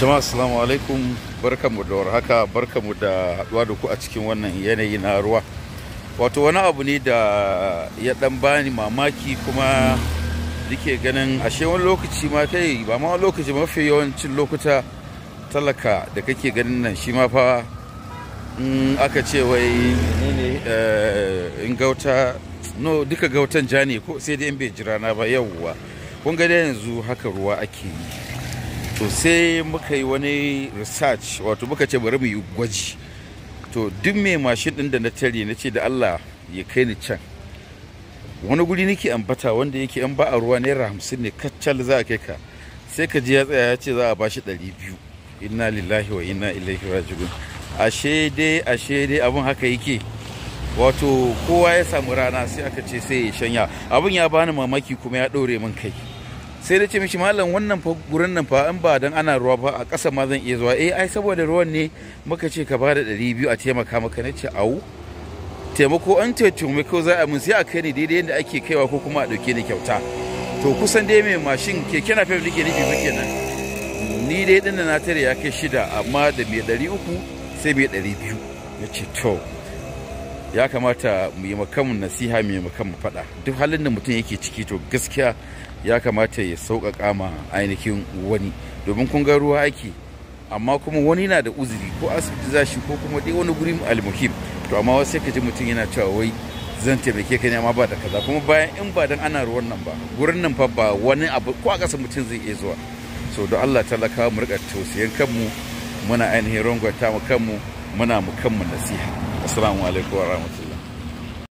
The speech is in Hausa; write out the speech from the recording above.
jama'a assalamu alaikum barkamu da war haka barkamu da haduwa da ku a cikin wannan yanayi na ruwa wato wani abu ne da ya dan bani mamaki kuma nake ganin ashe wani lokaci ma kai ba ma wani lokaci mafi yawancin lokuta talaka da kake ganin nan shi ma fa in aka ce wai eh, in gauta no duka gautan ja ne ko sai dai in bai jira na ba yauwa kun ga yanzu haka ruwa ake yi to sai muka yi wani research wato muka ce bari mu yi gwaji to duk mai mashin din da na tare na ce da Allah ya kai ni can wani guri nake ambata wanda yake an ba a ruwa naira hamsin ne kacal za a kai ka sai ka ji ya tsaya ya ce za a bashi ɗari biyu inna lillahi wa inna ilaihi raji'un ashe dai ashe dai abin haka yake wato kowa ya samu rana sai aka ce sai ya shanya abun ya bani mamaki kuma ya ɗore min kai sai da ce mishi malam wannan gurin nan fa in ba dan ana ruwa ba a ƙasa ma zan iya zuwa eh ai saboda ruwan ne muka ce ka ba ɗari biyu a taimaka maka na ce au taimako an ko za a mun sai a kai ni daidai yadda ake kaiwa ko kuma a ɗauke ni kyauta to kusan dai mai mashin keke na fef nake nufi muke nan ni dai ɗin na tare ya kai shida amma da mai ɗari uku sai mai ɗari biyu na ce to ya kamata mu yi makamun nasiha mu yi makamun faɗa duk halin da mutum yake ciki to gaskiya ya kamata ya sauƙaƙa ma ainihin wani domin kun ga ruwa aiki amma kuma wani na da uzuri ko asibiti za shi ko kuma dai wani guri almuhim to amma wasu sai ka ji mutum yana cewa wai zan taimake ka ne amma ba da kaza kuma bayan in ba dan ana ruwan nan ba gurin nan fa ba wani abu ko a ƙasa mutum zai iya zuwa so don Allah talaka mu riƙa tausayin kanmu muna ainihin rangwata mu kanmu muna mu kanmu nasiha assalamu alaikum wa rahmatullahi